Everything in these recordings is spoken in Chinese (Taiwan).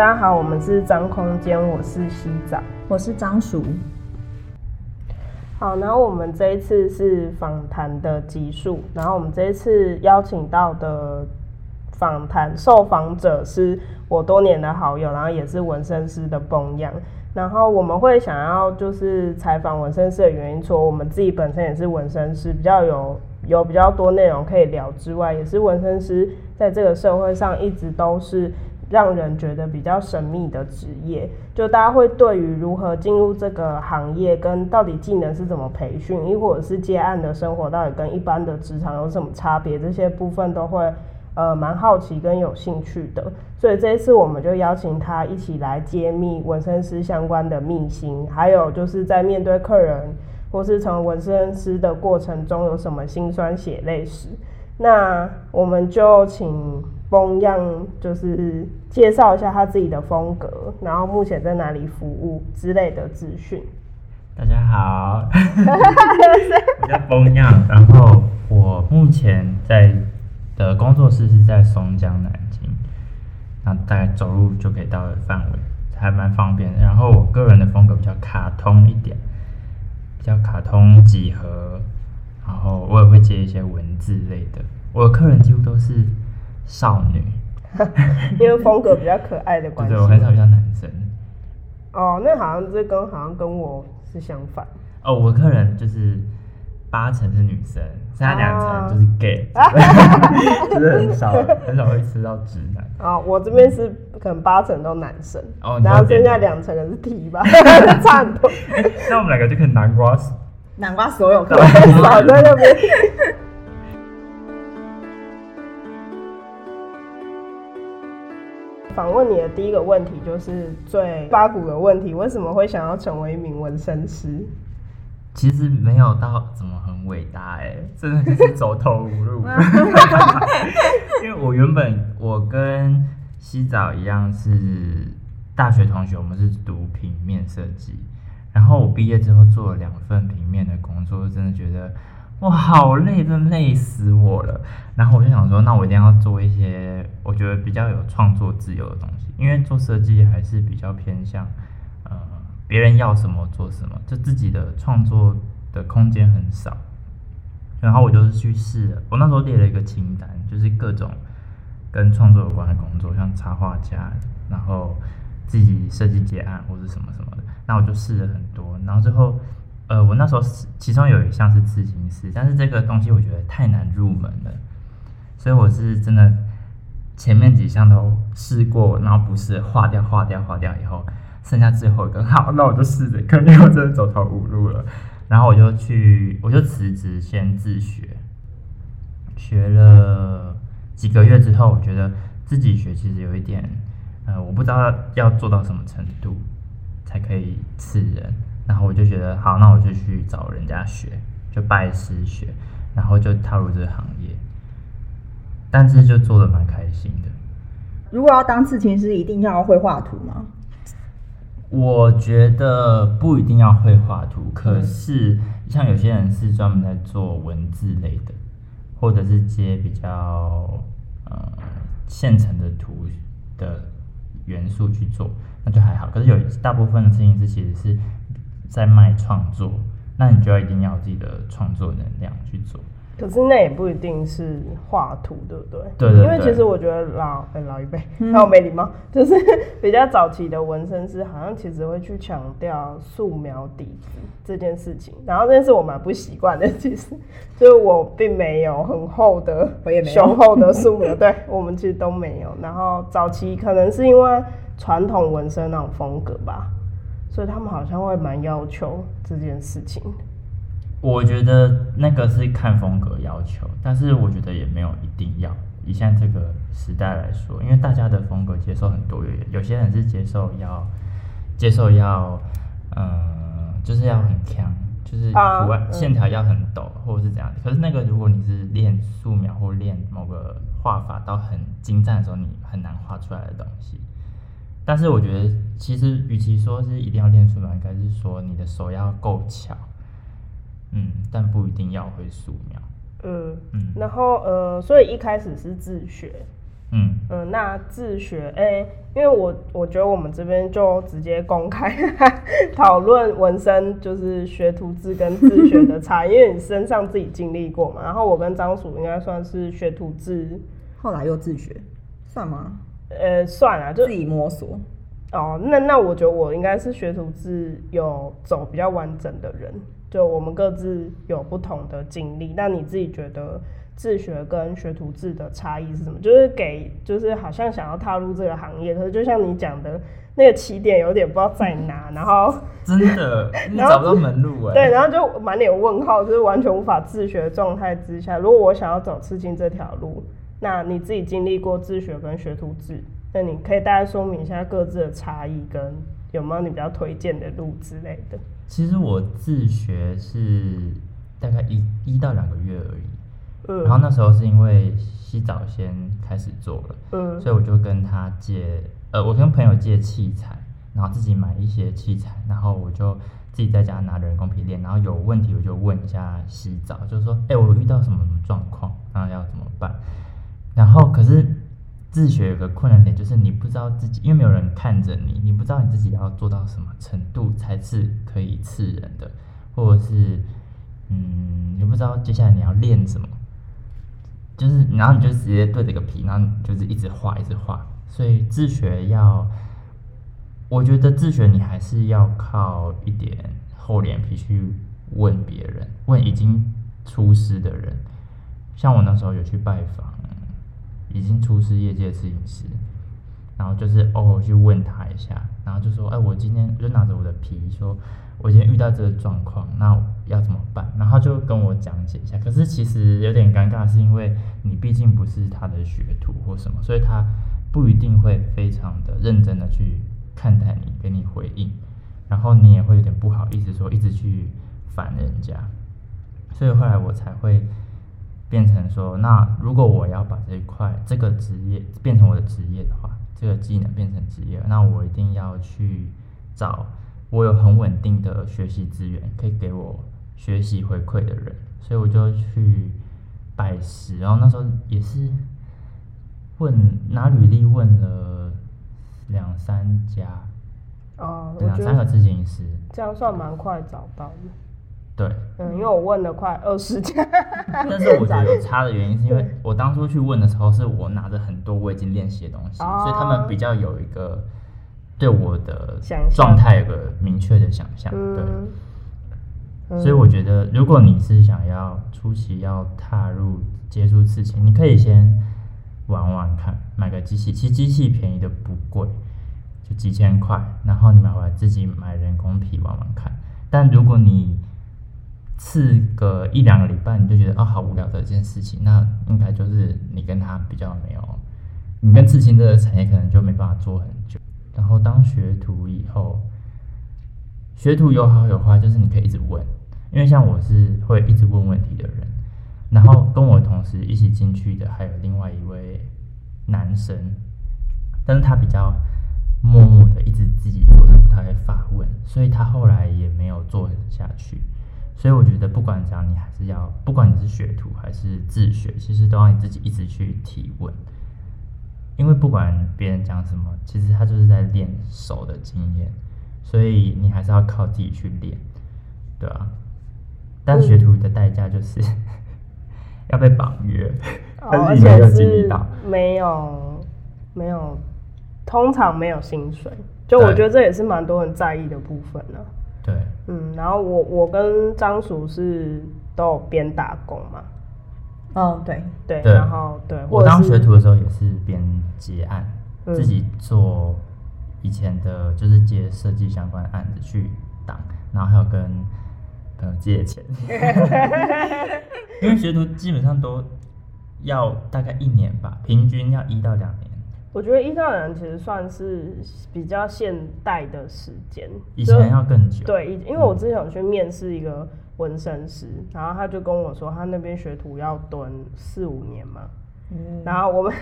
大家好，我們是髒空間，我是西仔，我是張叔。好，然後我們這一次是訪談的集數，然後我們這一次邀請到的訪談受訪者是我多年的好友，然後也是紋身師的 Bone Yang。然後我們會想要就是採訪紋身師的原因，除了我們自己本身也是紋身師，比較有有比較多內容可以聊之外，也是紋身師在這個社會上一直都是。讓人覺得比較神秘的職業，就大家會對於如何進入這個行業，跟到底技能是怎麼培訓，亦或者是接案的生活到底跟一般的職場有什麼差別，這些部分都會呃蠻好奇跟有興趣的。所以這一次我們就邀請他一起來揭秘紋身師相關的秘辛，還有就是在面對客人或是從紋身師的過程中有什麼心酸血淚史。那我們就請，Bone Yang 就是介紹一下他自己的風格，然後目前在哪裡服務之類的資訊。大家好， 我叫 Bone Yang。然後我目前在的工作室是在松江南京，然後大概走路就可以到的範圍，還蠻方便的。然後我個人的風格比較卡通一點，比較卡通幾何，然後我也會接一些文字類的。我的客人幾乎都是少女，因為風格比較可愛的關係，對，我很少遇到男生。哦，那好像是跟好像跟我是相反。哦，我的客人就是八成是女生，剩下兩成就是 gay，就是很少很少會吃到直男。哦，我這邊是可能八成都男生，哦，然後剩下兩成的是 T 吧，差很多。那我們兩個就可以南瓜。南瓜所有客，少在，那邊。想問你的第一個問題就是最八股的問題，為什麼會想要成為一名紋身師？其實沒有到怎麼很偉大哎、欸，真的就是走投無路。因為我原本我跟洗澡一樣是大學同學，我們是讀平面設計，然後我畢業之後做了兩份平面的工作，真的覺得。哇，好累，真累死我了。然後我就想說，那我一定要做一些我覺得比較有創作自由的東西，因為做設計還是比較偏向，呃，別人要什麼做什麼，就自己的創作的空間很少。然後我就去試，我那時候列了一個清單，就是各種跟創作有關的工作，像插畫家，然後自己設計結案或者什麼什麼的。那我就試了很多，然後最後。呃，我那時候是其中有一項是刺青師，但是這個東西我覺得太難入門了，所以我是真的前面幾項都試過，然後不是，劃掉，劃掉，劃掉以後，剩下最後一個，好，那我就試着，肯定我真的走投無路了，然後我就去，我就辭職，先自學，學了幾個月之後，我覺得自己學其實有一點，呃，我不知道要做到什麼程度才可以刺人。然後我就覺得好，那我就去找人家學，就拜師學，然後就踏入這個行業。但是就做的蠻開心的。如果要當刺青師，一定要會畫圖嗎？我覺得不一定要會畫圖，可是像有些人是專門在做文字類的，或者是接比較呃現成的圖的元素去做，那就還好。可是有大部分的刺青師其實是。在賣創作，那你就要一定要有自己的創作能量去做。可是那也不一定是畫圖，對不對？對，對，因為其實我覺得老、欸、老一輩，還有、嗯、沒禮貌，就是比較早期的紋身師，好像其實會去強調素描底子這件事情。然後那是我蠻不習慣的，其實，所以我並沒有很厚的、雄厚的素描。 對，我們其實都沒有。然後早期可能是因為傳統紋身那種風格吧。所以他們好像會蠻要求這件事情，我覺得那個是看風格要求，但是我覺得也沒有一定要。以現在這個時代來說，因為大家的風格接受很多，有些人是接受要接受要，嗯、呃，就是要很強，就是圖案線條要很抖，或者是怎樣。啊嗯、可是那個如果你是練素描或練某個畫法到很精湛的時候，你很難畫出來的東西。但是我覺得，其實與其說是一定要練素描，應該是說你的手要夠巧，嗯，但不一定要會素描。嗯嗯，嗯然後呃，所以一開始是自學。嗯嗯、呃，那自學哎、欸，因為我我覺得我們這邊就直接公開討論紋身，就是學徒制跟自學的差， 因為你身上自己經歷過嘛。然後我跟張叔應該算是學徒制，後來又自學，算嗎？呃，算了，就自己摸索。哦，那那我覺得我應該是學徒制有走比較完整的人，就我們各自有不同的經歷。那你自己覺得自學跟學徒制的差異是什麼？嗯、就是給，就是好像想要踏入這個行業，可是就像你講的那個起點有點不知道在哪，然後真的 後你找不到門路誒、欸。對，然後就滿臉問號，就是完全無法自學的狀態之下。如果我想要走刺青這條路。那你自己經歷過自學跟學徒制，那你可以大概說明一下各自的差異，跟有沒有你比較推薦的路之類的？其實我自學是大概一一到兩個月而已，嗯，然後那時候是因為洗澡先開始做了，嗯，所以我就跟他借，呃，我跟朋友借器材，然後自己買一些器材，然後我就自己在家拿人工皮墊，然後有問題我就問一下洗澡，就是說，哎、欸，我遇到什麼什麼狀況，然後要怎麼辦？然後，可是自學有個困難點，就是你不知道自己，因為沒有人看着你，你不知道你自己要做到什麼程度才是可以刺人的，或者是，嗯，你不知道接下來你要練什麼，就是然後你就直接對着個皮，然後就是一直畫，一直畫。所以自學要，我覺得自學你還是要靠一點厚臉皮去問別人，問已經出師的人，像我那時候有去拜訪。已經出師業界的攝影師，然後就是偶爾去問他一下，然後就說，哎，我今天就拿着我的皮，說我今天遇到這個狀況，那要怎麼辦？然後就跟我講解一下。可是其實有點尷尬，是因為你畢竟不是他的學徒或什麼，所以他不一定會非常的認真的去看待你，給你回應。然後你也會有點不好意思說一直去煩人家，所以後來我才會變成說，那如果我要把這塊這個職業變成我的職業的話，這個技能變成職業，那我一定要去找我有很穩定的學習資源，可以給我學習回饋的人，所以我就去拜師。然後那時候也是問拿履歷問了兩三家，哦，兩三個刺青師，這樣算蠻快找到的。對，嗯，因為我問了快二十天。但是我覺得有差的原因是因為我當初去問的時候，是我拿着很多我已經練習的東西，所以他們比較有一個對我的狀態有一個明確的想象。對，所以我覺得，如果你是想要初期要踏入接觸刺青，你可以先玩玩看，買個機器，其實機器便宜的不貴，就幾千塊，然後你買完自己買人工皮玩玩看。但如果你試個一兩個禮拜，你就覺得啊、哦、好無聊的一件事情。那應該就是你跟他比較沒有，你跟刺青這個產業可能就沒辦法做很久。然後當學徒以後，學徒有好有壞，就是你可以一直問，因為像我是會一直問問題的人。然後跟我同時一起進去的還有另外一位男生，但是他比較默默的一直自己做，他不太會發問，所以他後來也沒有做下去。所以我覺得，不管怎樣，你還是要，不管你是學徒還是自學，其實都要你自己一直去提問。因為不管別人講什麼，其實他就是在練手的經驗，所以你還是要靠自己去練，對啊。但學徒的代價就是、嗯、 要被綁約，而且、哦、沒有經歷到，沒有，沒有，通常沒有薪水。就我覺得這也是蠻多人在意的部分呢、啊。對，嗯，然後我我跟張叔是都有邊打工嘛，嗯、哦、對對，對對然後對，我當學徒的時候也是邊接案，嗯、自己做以前的就是接設計相關的案子去擋，然後還有跟呃借錢。因為學徒基本上都要大概一年吧，平均要一到兩年。我覺得一到兩其實算是比較現代的時間，以前要更久。對，因為我之前有去面試一個紋身師，嗯、然後他就跟我說，他那邊學徒要蹲四五年嘛。嗯、然後我們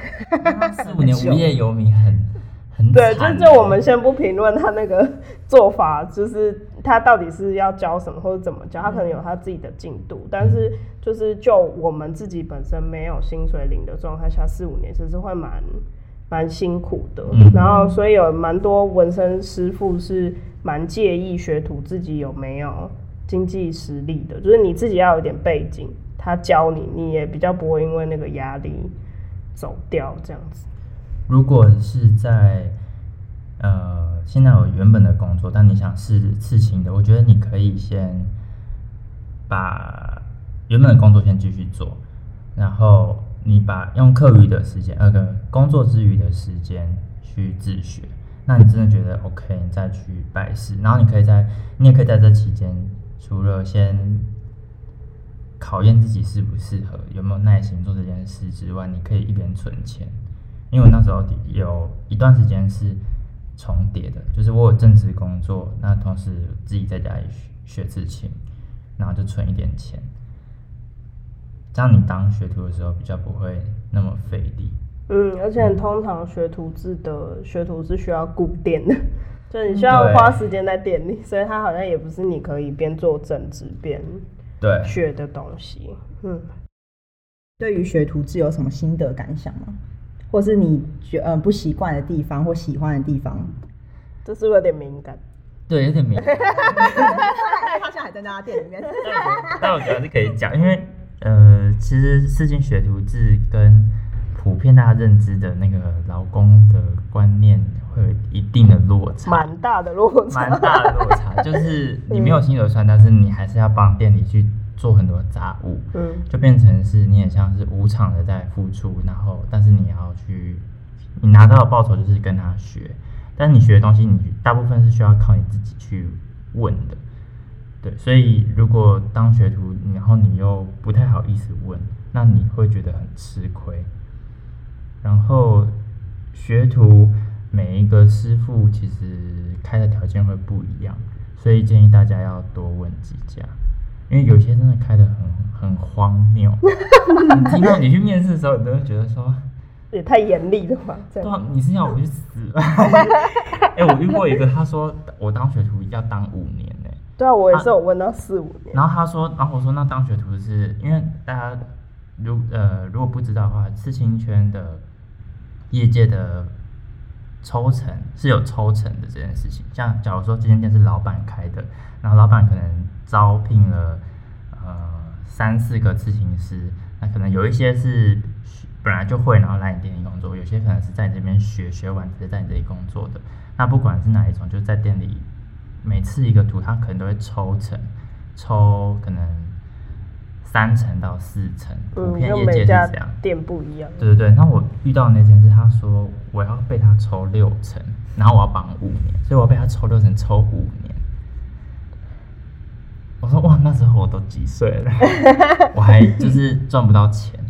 四五年 就無業遊民很，很對，就就我們先不評論他那個做法，就是他到底是要教什麼或者怎麼教，嗯、他可能有他自己的進度。嗯、但是就是就我們自己本身沒有薪水領的狀態下，四五年其實會蠻。蠻辛苦的，然後所以有蠻多紋身師傅是蠻介意學徒自己有沒有經濟實力的，就是你自己要有點背景，他教你，你也比較不會因為那個壓力走掉這樣子。如果是在呃現在有原本的工作，但你想試刺青的，我覺得你可以先把原本的工作先繼續做，然後。你把用課餘的時間，個、呃、工作之餘的時間去自學，那你真的覺得 OK，你再去拜師，然後你可以在，你也可以在這期間，除了先考驗自己適不適合，有沒有耐心做這件事之外，你可以一邊存錢。因為我那時候有一段時間是重疊的，就是我有正職工作，那同時自己在家裡學學刺青，然後就存一點錢。這樣你當學徒的時候比較不會那麼費力。嗯，而且通常學徒制的學徒是需要顧店的，所以、嗯、 你需要花時間在店裡，對所以他好像也不是你可以邊做正職邊對學的東西。對嗯，對於學徒制有什麼心得感想嗎？或是你覺不習慣的地方或喜歡的地方？這是不是有點敏感？對，有點敏感。 好像在還在那家店裡面。但我覺得是可以講，因為。呃，其實刺青學徒制跟普遍大家認知的那個勞工的觀念會有一定的落差，蠻大的落差，蠻大的落差， 就是你沒有薪水賺，嗯、但是你還是要幫店裡去做很多雜務，嗯，就變成是你也像是無償的在付出，然後但是你要去，你拿到的報酬就是跟他學，但是你學的東西，你大部分是需要靠你自己去問的。對，所以如果當學徒，然後你又不太好意思問，那你會覺得很吃虧。然後學徒每一個師傅其實開的條件會不一樣，所以建議大家要多問幾家，因為有些真的開的很很荒謬。 你，你去面試的時候，你都會覺得說也太嚴厲了吧？對，對啊，你是要我去死？哎， 欸，我遇過一個，他說我當學徒要當五年。對啊，我也是有問到四五年。啊，然後他說，然後我說，那當學徒是因為大家如呃，如果不知道的話，刺青圈的業界的抽成是有抽成的這件事情。像假如說這間店是老闆開的，然後老闆可能招聘了呃三四個刺青師，那可能有一些是學本來就會，然後來你店裡工作；有些可能是在你這邊學，學完直接在你這裡工作的。那不管是哪一種，就在店裡。每次一個圖，他可能都會抽成，抽可能三成到四成，嗯、五片業界是這樣，店不一樣。對對對，那我遇到的那件事，他說我要被他抽六成，然後我要綁五年，所以我被他抽六成抽五年。我說哇，那時候我都幾歲了， 我還就是賺不到錢。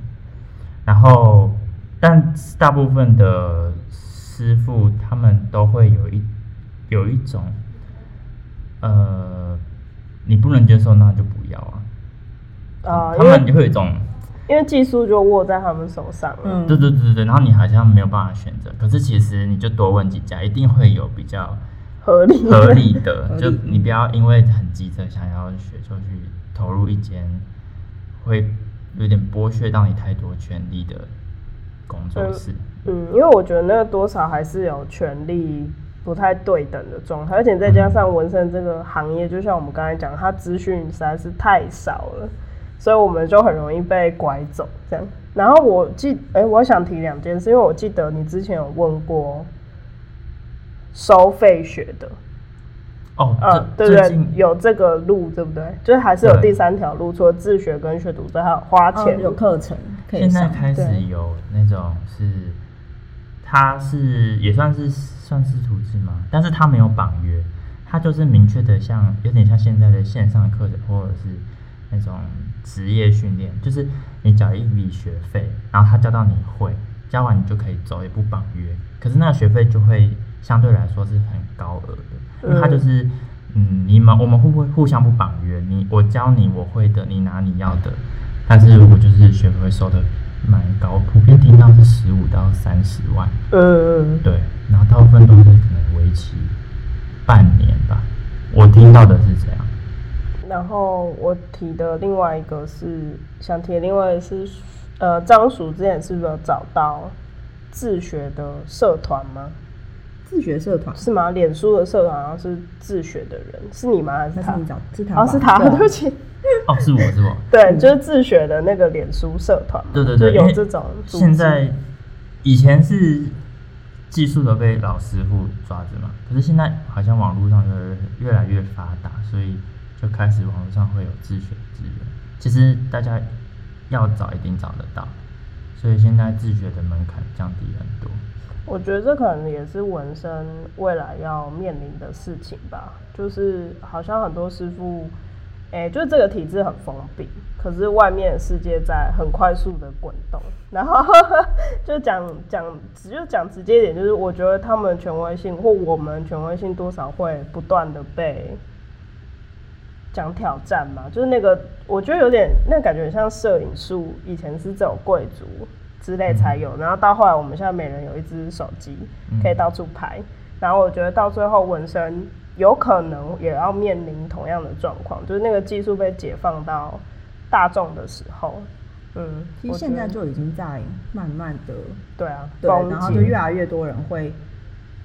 然後，但大部分的師傅他們都會有一有一種。呃，你不能接受，那就不要啊。啊，他們因為就會有一種，因為技術就握在他們手上。嗯，對對對對，然後你好像沒有辦法選擇，可是其實你就多問幾家，一定會有比較合理合理的。就你不要因為很急着想要學，就去投入一間會有點剝削到你太多權利的工作室。嗯，嗯，因為我覺得那個多少還是有權利。不太對等的狀態，而且再加上紋身這個行業，嗯、就像我們剛才講，它資訊實在是太少了，所以我們就很容易被拐走。這樣，然後我記、欸，我想提兩件事，因為我記得你之前有問過，收費學的，哦，嗯、呃，這對，對對，近有這個路，對不對？就是還是有第三條路，除了對自學跟學徒之外，還有花錢、嗯、有課程。現在開始有那種是，對他是也算是。算是徒 u 嗎？但是他沒有綁約，他就是明確的像有點像現在的線上課程，或者是那種職業訓練，就是你繳一筆學費，然後他教到你會，教完你就可以走一步綁約。可是那個學費就會相對來說是很高額的，因為他就是，嗯，你們我們會不會互相不綁約？你我教你我會的，你拿你要的，但是我就是學費收的。蠻高，普遍聽到是十五到三十萬，嗯，對，拿到分都是可能維持半年吧。我聽到的是這樣。然後我提的另外一個是想提的另外一個是，呃，張叔之前是不是有找到自學的社團嗎？自學社團是嗎？臉書的社團好像是自學的人，是你嗎？還是，他是你找？是他哦，是他。對不起，哦，是我是我。 對，就是自學的那個臉書社團。嗯、對對對，有這種。現在以前是技術都被老師傅抓着嘛，可是現在好像網絡上越越來越發達，所以就開始網絡上會有自學資源。其實大家要找一定找得到，所以現在自學的門檻降低很多。我覺得這可能也是紋身未來要面臨的事情吧，就是好像很多師傅，哎、欸，就是這個體制很封閉，可是外面的世界在很快速的滾動，然後 就講講，就講直接一點，就是我覺得他們權威性或我們權威性多少會不斷的被講挑戰嘛，就是那個我覺得有點那感覺很像攝影術，以前是這種貴族之類才有，然後到後來，我們現在每人有一支手機，可以到處拍。嗯，然後我覺得到最後，紋身有可能也要面臨同樣的狀況，就是那個技術被解放到大眾的時候。嗯，其實現在就已經在慢慢的，對啊，對，然後就越來越多人會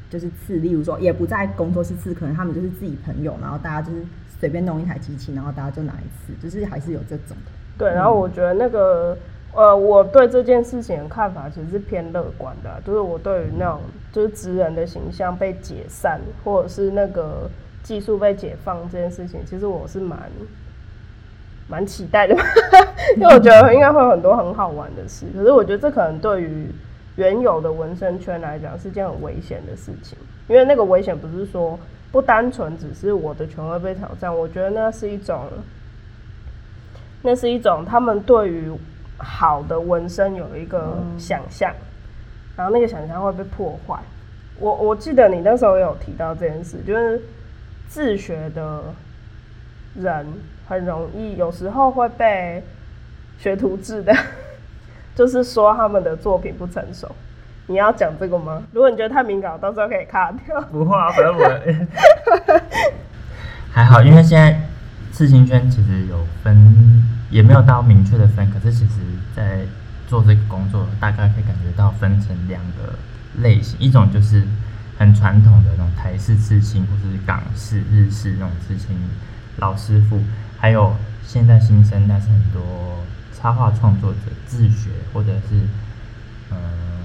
就是刺，例如說也不在工作室刺，可能他們就是自己朋友，然後大家就是隨便弄一台機器，然後大家就拿一次，就是還是有這種的。對，然後我覺得那個。呃，我對這件事情的看法其實是偏樂觀的啊，就是我對於那種就是職人的形象被解散，或者是那個技術被解放這件事情，其實我是蠻蠻期待的， 因為我覺得應該會有很多很好玩的事。可是我覺得這可能對於原有的紋身圈來講是件很危險的事情，因為那個危險不是說不單純只是我的權威被挑戰，我覺得那是一種那是一種他們對於。好的紋身有一個想象，嗯、然後那個想象會被破壞。我我記得你那時候有提到這件事，就是自學的人很容易，有時候會被學徒制的，就是說他們的作品不成熟。你要講這個嗎？如果你覺得太敏感，到時候可以卡掉。不畫反正， 還好，因為現在刺青圈其實有分。也沒有到明確的分，可是其實，在做這個工作，大概可以感覺到分成兩個類型：一種就是很傳統的那種台式刺青，或者是港式、日式那種刺青老師傅；還有現在新生，但是很多插畫創作者自學，或者是嗯、呃、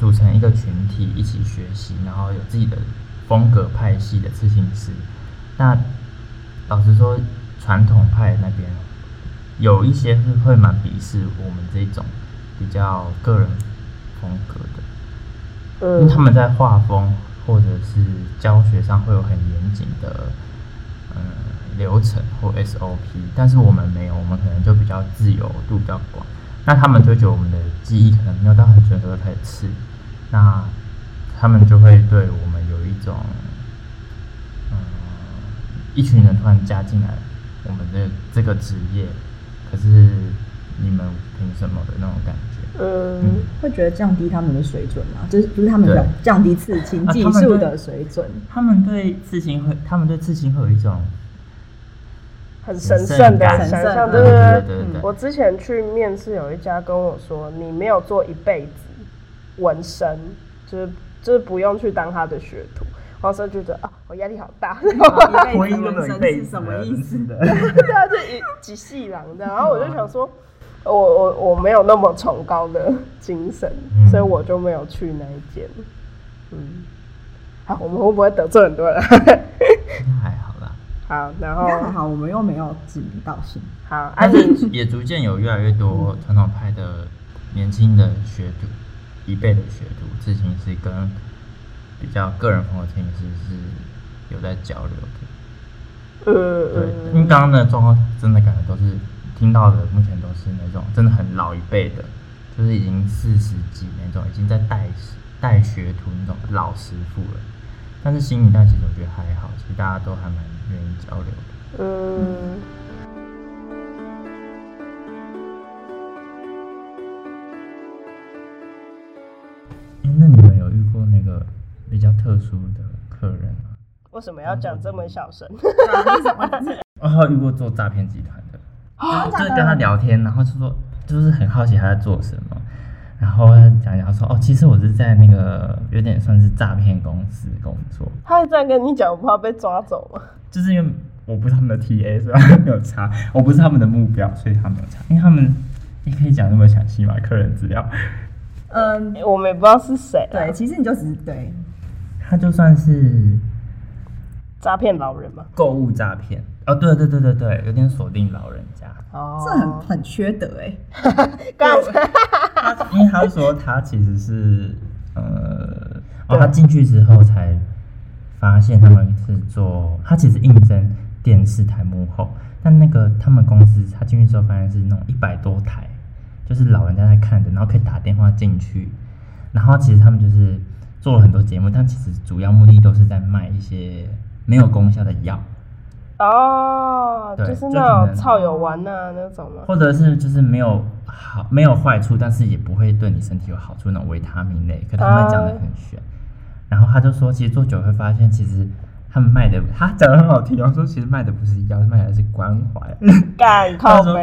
組成一個群體一起學習，然後有自己的風格派系的刺青師。那老實說，傳統派那邊，有一些是會蠻鄙視我們這種比較個人風格的，因為他們在畫風或者是教學上會有很嚴謹的呃流程或 SOP，但是我們沒有，我們可能就比較自由度比較廣。那他們追求我們的技藝可能沒有到很準的層次，那他們就會對我們有一種，嗯，一群人突然加進來我們的這個職業。可是，你們憑什麼的那種感覺？嗯，嗯會覺得降低他們的水準嗎？就是不、就是他們的降低刺青技術的水準？他們對刺青會，他們對刺青會有一種很神聖的神聖的。對對對。我之前去面試，有一家跟我說：“你沒有做一輩子紋身，就是就是不用去當他的學徒。”我那時候覺得啊，我壓力好大，一生懸命是什麼意思？ 是一一的？對啊，就幾細浪的。然後我就想說，哇我我我沒有那麼崇高的精神，嗯、所以我就沒有去那一間。嗯，好，我們會不會得罪很多人？應 還好啦。好，然後 好，我們又沒有指名道姓。好，但是也逐漸有越來越多傳統派的年輕的學徒，嗯、一輩的學徒，之前是跟。比較個人朋友圈，其實是有在交流的。呃，對，因為剛剛的狀況，真的感覺都是聽到的，目前都是那種真的很老一輩的，就是已經四十幾那種，已經在帶帶學徒那種老師傅了。但是新一代其實我覺得還好，其實大家都還蠻願意交流的。嗯。那你們有遇過那個比較特殊的客人，為什麼要講這麼小聲？啊、 哦，遇過做詐騙集團的，就是跟他聊天，嗯、然後就說，就是很好奇他在做什麼，然後講講說，哦，其實我是在那個有點算是詐騙公司工作。他還在跟你講，我怕被抓走嗎？就是因為我不是他們的 TA 是吧？沒有查，我不是他們的目標，所以他沒有查，因為他們，你可以講那麼詳細嗎？客人資料？嗯，我們也不知道是誰。對，其實你就只是對。他就算是詐騙老人嘛？購物詐騙哦，對對對對對，有點鎖定老人家哦，這很很缺德哎！哈哈哈他因為他說他其實是呃，對哦、他進去之後才發現他們是做他其實應徵電視台幕後，但那個他們公司他進去之後發現是那種一百多台，就是老人家在看的，然後可以打電話進去，然後其實他們就是。做了很多節目，但其實主要目的都是在賣一些沒有功效的藥，哦、oh, 對，就是那種草藥丸吶那種嗎？或者是就是沒有好沒有壞處，但是也不會對你身體有好處那種維他命類。可他們講的很玄，uh. 然後他就說，其實做久會發現，其實他們賣的他講的很好聽，他說其實賣的不是藥，賣的是關懷。 他說：“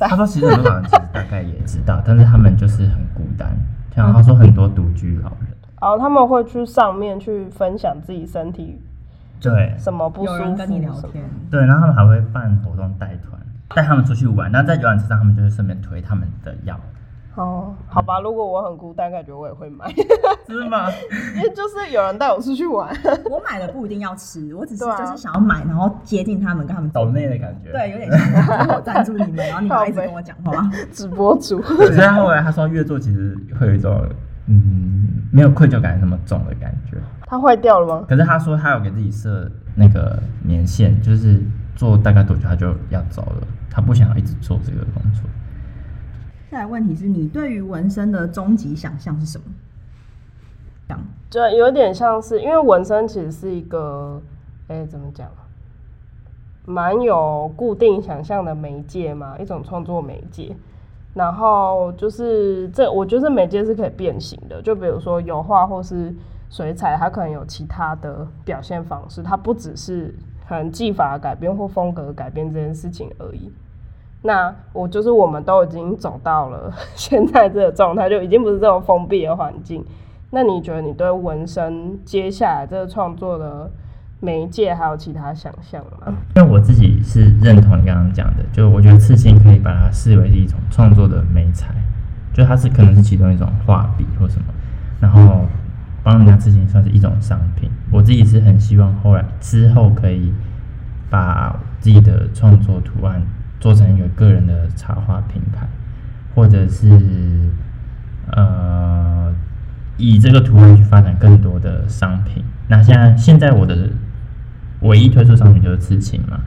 他說其實很多人其實大概也知道， 但是他們就是很孤單，像他說很多獨居老人。” 然後他們會去上面去分享自己身體，對、嗯，什麼不舒服？有人跟你聊天，麼對，然後他們還會辦活動、帶團，帶他們出去玩。那在遊覽車上，他們就是順便推他們的藥。哦，好吧，如果我很孤單，感覺我也會買， 是嗎？因為就是有人帶我出去玩， 我買的不一定要吃，我只是就是想要買，然後接近他們，跟他們抖內的感覺。對，有點像 我贊助你們，然後你們不好跟我講話，好沒 直播主。現在 後來他說越做其實會有一種嗯。沒有愧疚感，那麼重的感覺。他壞掉了嗎？可是他說他有給自己設那個年限，就是做大概多久他就要走了，他不想要一直做這個工作。再來問題是你對於紋身的終極想象是什麼？講，就有點像是因為紋身其實是一個，哎、欸，怎麼講？蠻有固定想象的媒介嘛，一種創作媒介。然後就是這，我覺得媒介是可以變形的。就比如說油畫或是水彩，它可能有其他的表現方式，它不只是可能技法改變或風格改變這件事情而已。那我就是我們都已經走到了現在這個狀態，就已經不是這種封閉的環境。那你覺得你對紋身接下來這個創作的媒介還有其他想象嗎？因為我自己是認同你剛剛講的，就我覺得刺青可以把它視為是一種創作的媒材，就它是可能是其中一種畫筆或什麼，然後幫人家刺青算是一種商品。我自己是很希望後來之後可以把自己的創作圖案做成一個個人的插畫品牌，或者是呃以這個圖案去發展更多的商品。那現在現在我的。唯一推出商品就是刺青嘛，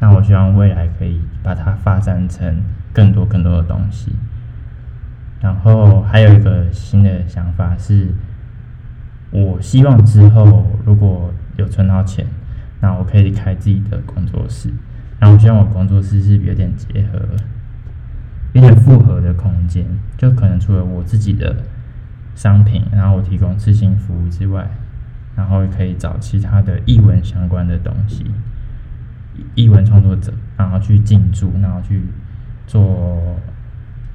那我希望未來可以把它發展成更多更多的東西。然後還有一個新的想法是，我希望之後如果有存到錢，那我可以開自己的工作室。然後我希望我工作室是有點結合，有點複合的空間，就可能除了我自己的商品，然後我提供刺青服務之外。然後也可以找其他的藝文相關的東西，藝文創作者，然後去進駐，然後去做，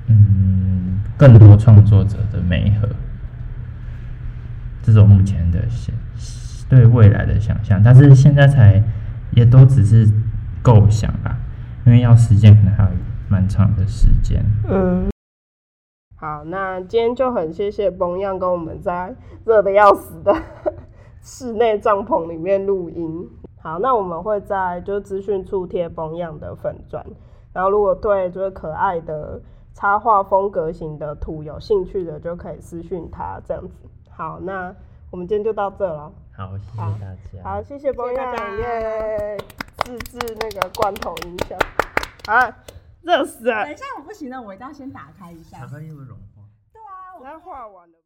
嗯，更多創作者的媒合，這是我目前的想，對未來的想象但是現在才，也都只是構想吧，因為要時間可能還有蠻長的時間。嗯，好，那今天就很謝謝 Bone Yang 跟我們在熱得要死的。室內帳篷裡面錄音，好，那我們會在就是資訊處貼 Bone Yang 的粉專，然後如果對就是可愛的插畫風格型的圖有興趣的，就可以私訊他這樣子。好，那我們今天就到這了。好，謝謝。大家。好，謝謝 Bone Yang 耶，自制那個罐頭音箱，啊，熱死了。等一下，我不行了，我一定要先打開一下。打開因為融化。對啊，我融化完了。